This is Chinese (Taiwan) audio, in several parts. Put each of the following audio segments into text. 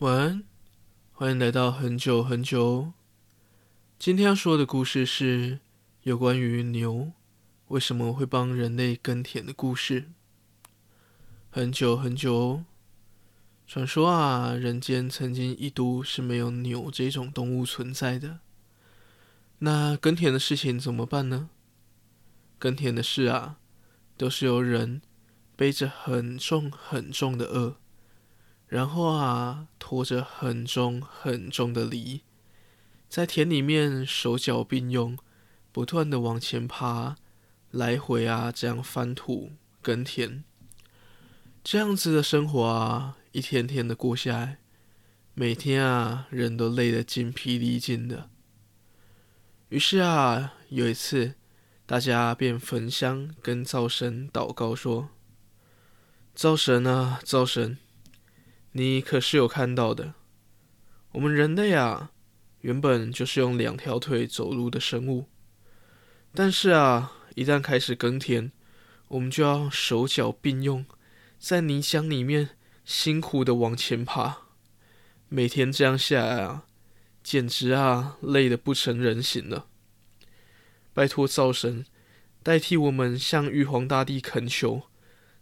晚安，歡迎來到很久很久。今天要說的故事是有關於牛為什麼會幫人類耕田的故事。很久很久，傳說啊，人間曾經一度是沒有牛這種動物存在的。那耕田的事情怎麼辦呢？耕田的事啊，都是由人背着很重很重的軛然後啊，拖着很重很重的犁，在田裡面手腳並用，不斷的往前爬，來回啊，這樣翻土耕田。這樣子的生活啊，一天天的過下來，每天啊，人都累得筋疲力盡的。於是啊，有一次，大家便焚香跟灶神禱告說：“灶神啊，灶神。”你可是有看到的，我們人類啊，原本就是用兩條腿走路的生物，但是啊，一旦開始耕田，我們就要手腳並用，在泥漿裡面辛苦地往前爬，每天這樣下來啊，簡直啊，累得不成人形了。拜托灶神，代替我們向玉皇大帝懇求，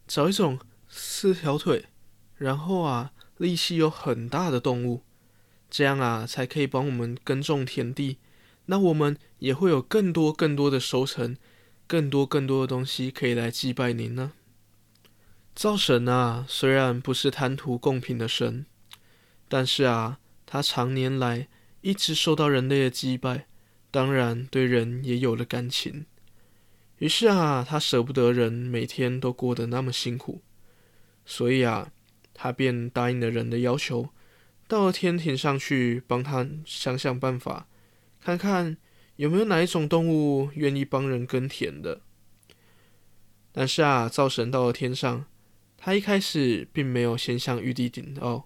找一種四條腿，然後啊。力氣有很大的動物，這樣啊，才可以幫我們耕種田地。那我們也會有更多更多的收成，更多更多的東西可以來祭拜您呢。灶神啊，雖然不是貪圖貢品的神，但是啊，他長年來一直受到人類的祭拜，當然對人也有了感情。於是啊，他捨不得人每天都過得那麼辛苦，所以啊。他便答應了人的要求，到了天庭上去幫他想想辦法，看看有沒有哪一種動物願意幫人耕田的。但是啊，灶神到了天上，他一開始並沒有先向玉帝稟報，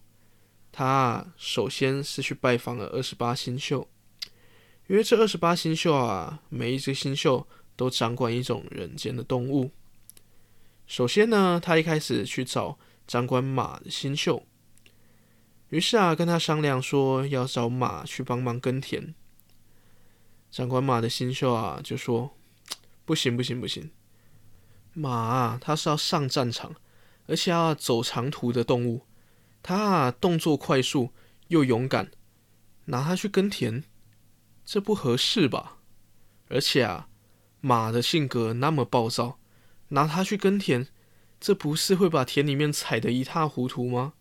他啊，首先是去拜訪了二十八星宿，因為這二十八星宿啊，每一隻星宿都掌管一種人間的動物。首先呢，他一開始去找。掌管馬的星宿，於是啊，跟他商量說要找馬去幫忙耕田。掌管馬的星宿啊，就說：“不行，不行，不行！馬啊，它是要上戰場，而且要走長途的動物。它啊，動作快速又勇敢，拿它去耕田，這不合適吧？而且啊，馬的性格那麼暴躁，拿它去耕田。”這不是會把田裡面踩得一塌糊塗嗎？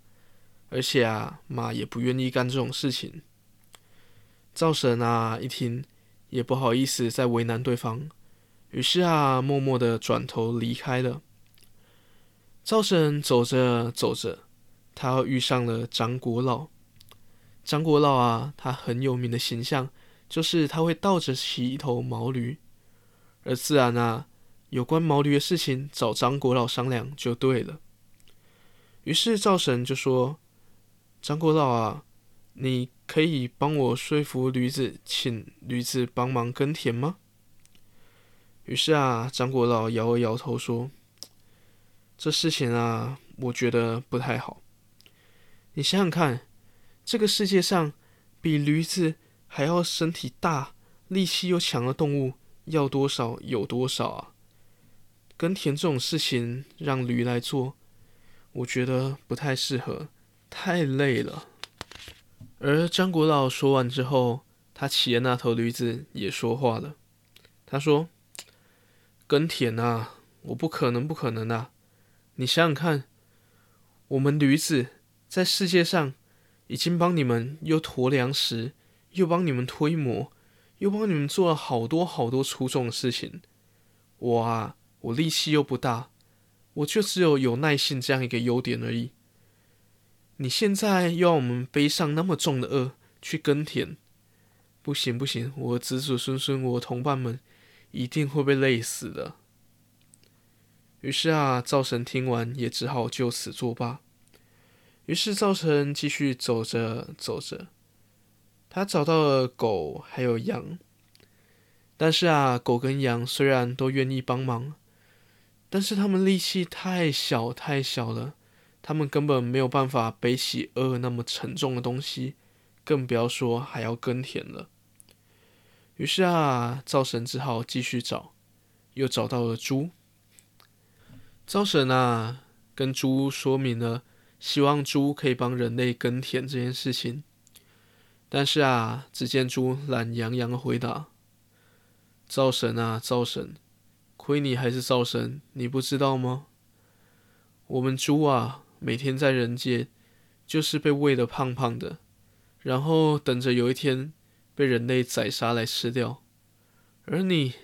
而且啊，馬也不願意幹這種事情。灶神啊，一聽也不好意思再為難對方，於是啊，默默地轉頭離開了。灶神走着走着，她遇上了張果老。張果老啊，他很有名的形象就是他會倒着騎一頭毛驢，而自然啊。有關毛驢的事情，找張果老商量就對了。於是灶神就說：“張果老啊，你可以幫我說服驢子，請驢子幫忙耕田嗎？”於是啊，張果老搖了搖頭說：“這事情啊，我覺得不太好。你想想看，這個世界上比驢子還要身體大、力氣又強的動物，要多少有多少啊！”耕田這種事情讓驢來做，我覺得不太適合，太累了。而張國老說完之後，他騎的那頭驢子也說話了。他說：“耕田啊，我不可能，不可能啊！你想想看，我們驢子在世界上已經幫你們又馱糧食，又幫你們推磨，又幫你們做了好多好多粗重的事情。我啊。”我力氣又不大，我卻只有有耐性，這樣一個優點而已。你現在又要我們背上那麼重的軛去耕田，不行不行！我的子子孫孫，我同伴們，一定會被累死的。於是啊，灶神聽完也只好就此作罷。於是灶神繼續走着走着，他找到了狗還有羊，但是啊，狗跟羊雖然都願意幫忙。但是他們力氣太小太小了，他們根本沒有辦法背起軛那麼沉重的東西，更不要說還要耕田了。於是啊，灶神只好繼續找，又找到了豬。灶神啊，跟豬說明了希望豬可以幫人類耕田這件事情，但是啊，只見豬懶洋洋的回答：“灶神啊，灶神。”虧你還是灶神，你不知道嗎？我們豬啊，每天在人間，就是被餵得胖胖的，然後等着有一天被人類宰殺來吃掉。而你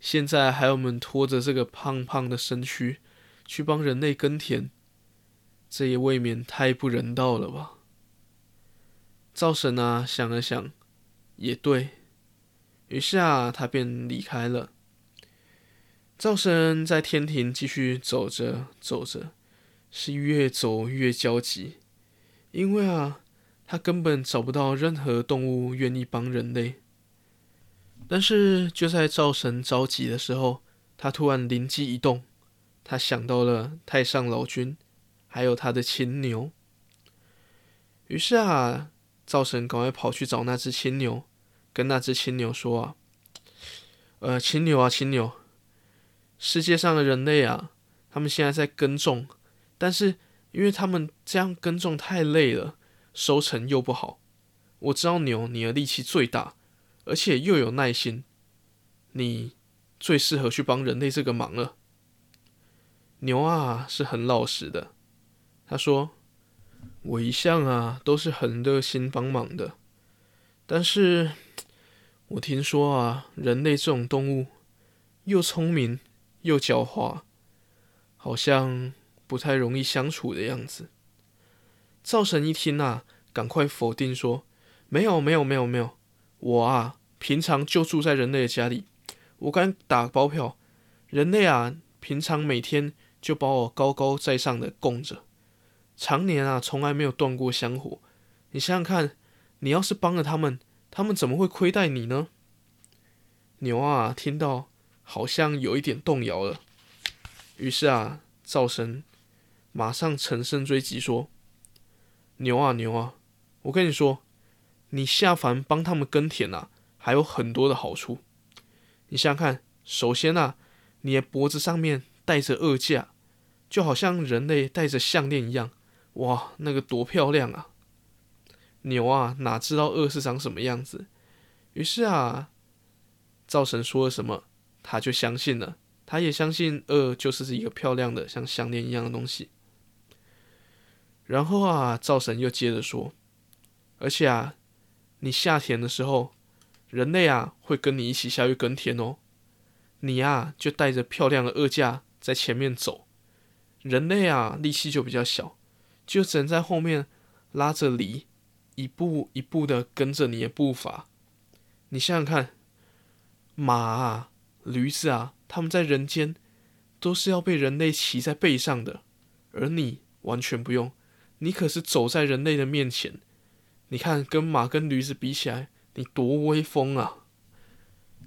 現在還要我們拖着這個胖胖的身軀去幫人類耕田，這也未免太不人道了吧？灶神啊，想了想，也對，於是他便離開了。灶神在天庭繼續走着走着，是越走越焦急，因為啊，他根本找不到任何動物願意幫人類。但是就在灶神着急的時候，他突然靈機一動，他想到了太上老君，還有他的青牛。於是啊，灶神趕快跑去找那只青牛，跟那只青牛說啊：“呃，青牛啊，青牛。”世界上的人類啊，他們現在在耕種，但是因為他們這樣耕種太累了，收成又不好。我知道牛你的力氣最大，而且又有耐心，你最適合去幫人類這個忙了。牛啊是很老實的，他說：“我一向啊都是很熱心幫忙的，但是，我聽說啊，人類這種動物又聰明。”又狡猾，好像不太容易相處的樣子。灶神一聽啊，趕快否定說：“沒有，沒有，沒有，沒有，我啊，平常就住在人類的家裡，我敢打包票，人類啊，平常每天就把我高高在上的供着，常年啊，從來沒有斷過香火。你想想看，你要是幫了他們，他們怎麼會虧待你呢？”牛啊，聽到。好像有一點動搖了，於是啊，灶神馬上乘勝追擊說：“牛啊牛啊，我跟你說，你下凡幫他們耕田吶，還有很多的好處。你想想看，首先啊，你的脖子上面戴着軛架，就好像人類戴着項鏈一樣，哇，那個多漂亮啊！牛啊，哪知道軛是長什麼樣子？於是啊，灶神說了什麼？”他就相信了，他也相信軛就是一個漂亮的像項鏈一樣的東西。然後啊，灶神又接着說：“而且啊，你下田的時候，人類啊會跟你一起下去耕田哦。你呀、啊、就帶着漂亮的軛架在前面走，人類啊力氣就比較小，就只能在後面拉着犁，一步一步的跟着你的步伐。你想想看，馬啊。”驢子啊，他們在人間都是要被人類騎在背上的，而你完全不用，你可是走在人類的面前。你看，跟馬跟驢子比起來，你多威風啊！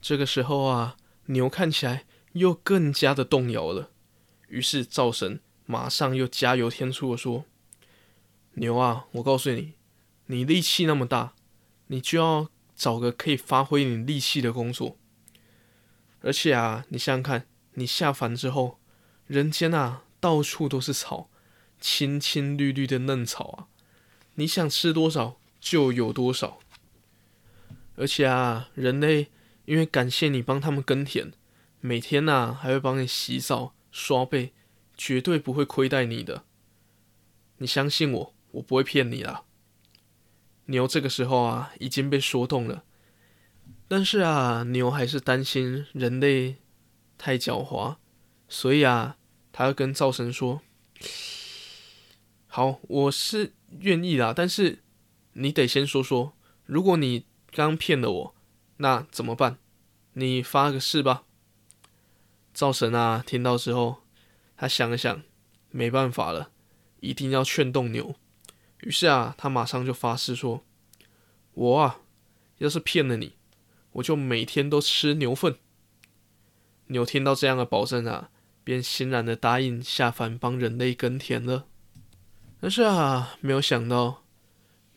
這個時候啊，牛看起來又更加的動搖了。於是，灶神馬上又加油添醋的說：“牛啊，我告訴你，你力氣那麼大，你就要找個可以發揮你力氣的工作。”而且啊，你想想看，你下凡之後，人間啊到處都是草，青青綠綠的嫩草啊，你想吃多少就有多少。而且啊，人類因為感謝你幫他們耕田，每天吶、啊、還會幫你洗澡刷背，絕對不會虧待你的。你相信我，我不會騙你啦。牛、哦、這個時候啊已經被說動了。但是啊，牛還是擔心人類太狡猾，所以啊，他要跟灶神說：“好，我是願意啦，但是你得先說說，如果你剛騙了我，那怎麼辦？你發個誓吧。”灶神啊，聽到之後，他想了想，沒辦法了，一定要勸動牛。於是啊，他馬上就發誓說：“我啊，要是騙了你。”我就每天都吃牛糞。牛聽到這樣的保證啊，便欣然的答應下凡幫人類耕田了。但是啊，沒有想到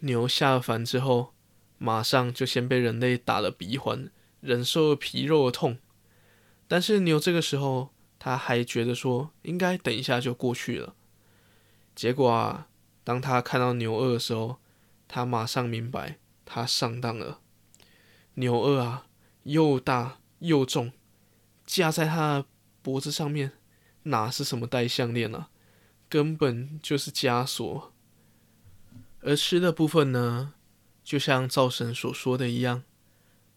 牛下了凡之後，馬上就先被人類打了鼻環，忍受了皮肉的痛。但是牛這個時候他還覺得說應該等一下就過去了。結果啊，當他看到牛軛的時候，他馬上明白他上當了。牛軛啊，又大又重，架在他的脖子上面，哪是什麼戴項鏈啊，根本就是枷鎖。而吃的部分呢，就像灶神所說的一樣，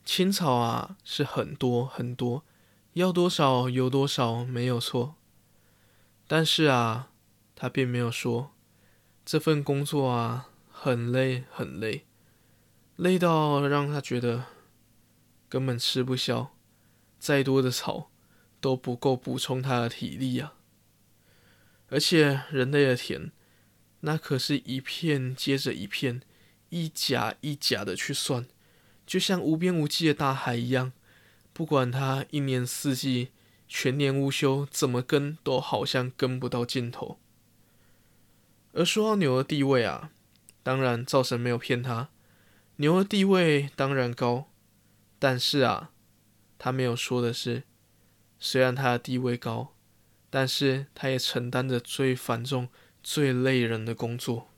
青草啊是很多很多，要多少有多少，沒有錯。但是啊，他並沒有說這份工作啊很累很累，累到讓他覺得。根本吃不消，再多的草都不夠補充它的體力啊！而且人類的田，那可是一片接着一片，一甲一甲的去算，就像無邊無際的大海一樣。不管它一年四季、全年無休，怎麼耕都好像耕不到盡頭。而說到牛的地位啊，當然灶神沒有騙他，牛的地位當然高。但是啊，他沒有說的是，雖然他的地位高，但是他也承擔着最繁重、最累人的工作。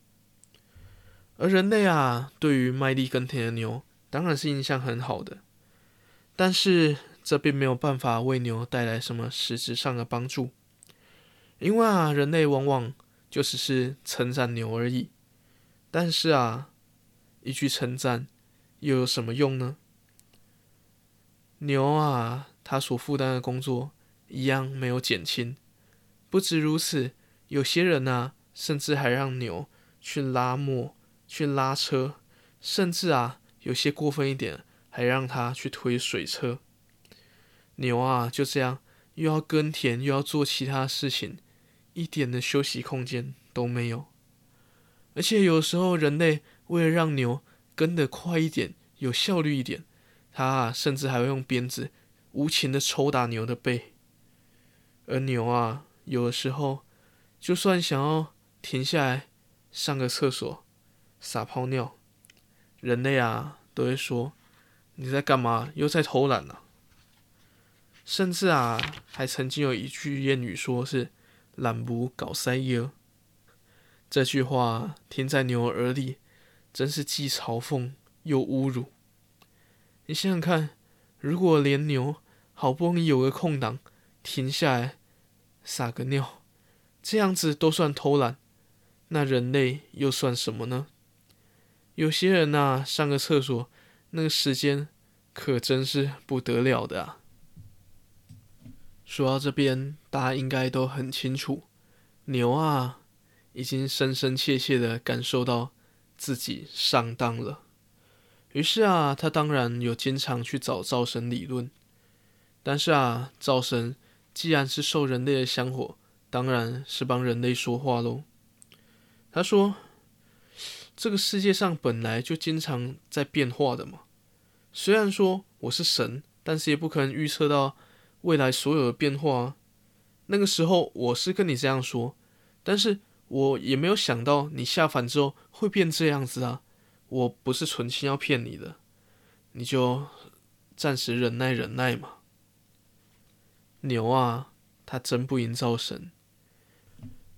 而人類啊，對於賣力耕田的牛，當然是印象很好的，但是這並沒有辦法為牛帶來什麼實質上的幫助，因為啊，人類往往就只是稱讚牛而已。但是啊，一句稱讚又有什麼用呢？牛啊，它所負擔的工作一樣沒有減輕。不止如此，有些人啊，甚至還讓牛去拉磨、去拉車，甚至啊，有些過分一點，還讓他去推水車。牛啊，就這樣又要耕田，又要做其他事情，一點的休息空間都沒有。而且有時候，人類為了讓牛耕得快一點、有效率一點。他甚至還會用鞭子無情的抽打牛的背，而牛啊，有的時候就算想要停下來上個廁所撒泡尿，人類啊都會說，你在幹嘛？又在偷懶了、啊。甚至啊，還曾經有一句諺語說是懶不搞塞腰。這句話聽在牛耳裡，真是既嘲諷又侮辱。你想想看，如果連牛好不容易有個空檔停下來撒個尿，這樣子都算偷懶，那人類又算什麼呢？有些人啊，上個廁所，那個時間可真是不得了的啊。說到這邊，大家應該都很清楚，牛啊已經深深切切的感受到自己上當了。於是啊，他當然有經常去找灶神理論，但是啊，灶神既然是受人類的香火，當然是幫人類說話嘍。他說：“這個世界上本來就經常在變化的嘛，雖然說我是神，但是也不可能預測到未來所有的變化啊。那個時候我是跟你這樣說，但是我也沒有想到你下凡之後會變這樣子啊。”我不是存心要騙你的，你就暫時忍耐忍耐嘛。牛啊，他爭不贏灶神，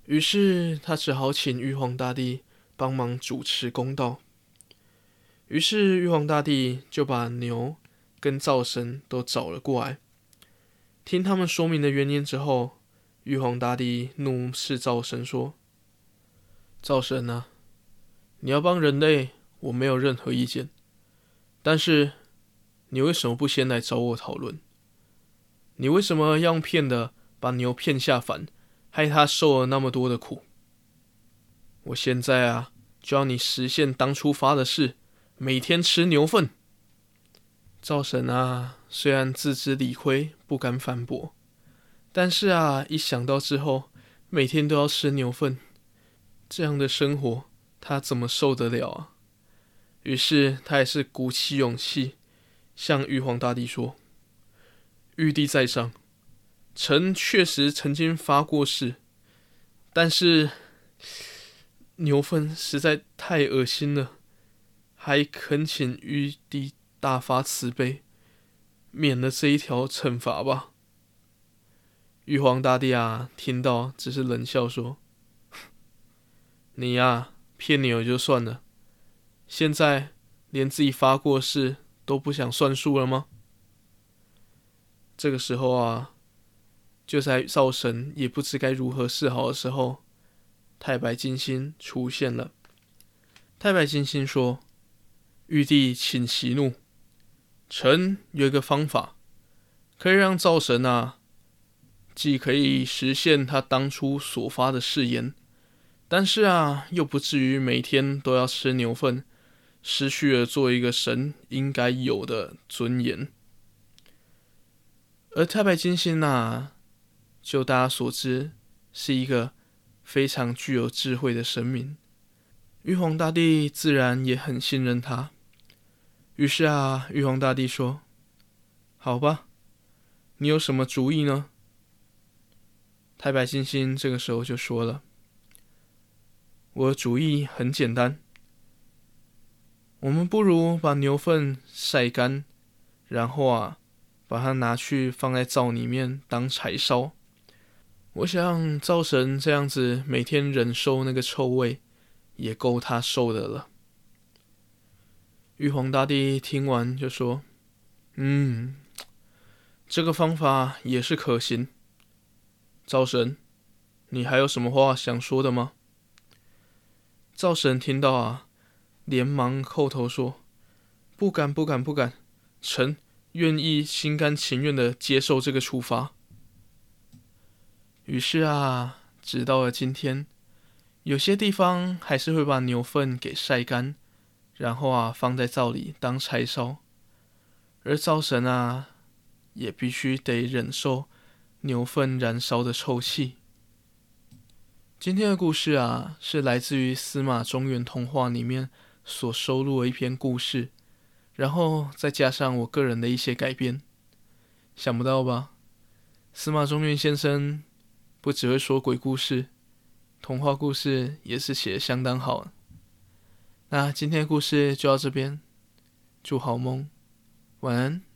於是他只好請玉皇大帝幫忙主持公道。於是玉皇大帝就把牛跟灶神都找了過來，聽他們說明了原因之後，玉皇大帝怒視灶神說：“灶神啊，你要幫人類。”我沒有任何意見，但是你為什麼不先來找我討論？你為什麼要騙的把牛騙下凡，害他受了那麼多的苦？我現在啊，就要你實現當初發的誓，每天吃牛糞。灶神啊，雖然自知理虧，不敢反駁，但是啊，一想到之後每天都要吃牛糞，這樣的生活，他怎麼受得了啊？於是他也是鼓起勇氣，向玉皇大帝說：“玉帝在上，臣確實曾經發過誓，但是牛糞實在太噁心了，還懇請玉帝大發慈悲，免了這一條懲罰吧。”玉皇大帝啊，聽到只是冷笑說：“你呀、啊，騙你也就算了。”現在連自己發過誓都不想算數了嗎？這個時候啊，就在灶神也不知該如何是好的時候，太白金星出現了。太白金星說：“玉帝，請息怒，臣有一個方法，可以讓灶神啊，既可以實現他當初所發的誓言，但是啊，又不至於每天都要吃牛糞。”失去了做一個神應該有的尊嚴，而太白金星吶、啊，就大家所知，是一個非常具有智慧的神明，玉皇大帝自然也很信任他。於是啊，玉皇大帝說：“好吧，你有什麼主意呢？”太白金星這個時候就說了：“我的主意很簡單。”我們不如把牛糞曬乾，然後啊，把它拿去放在灶裡面當柴燒。我想灶神這樣子每天忍受那個臭味，也夠他受的了。玉皇大帝聽完就說：“嗯，這個方法也是可行。灶神，你還有什麼話想說的嗎？”灶神聽到啊。連忙叩頭說：“不敢，不敢，不敢！臣願意心甘情願地接受這個處罰。”於是啊，直到了今天，有些地方還是會把牛糞給曬乾，然後啊放在灶裡當柴燒，而灶神啊也必須得忍受牛糞燃燒的臭氣。今天的故事啊，是來自於《司馬中原童話》裡面。所收錄的一篇故事，然後再加上我個人的一些改編，想不到吧？司馬中原先生不只會說鬼故事，童話故事也是寫得相當好。那今天的故事就到這邊，祝好夢，晚安。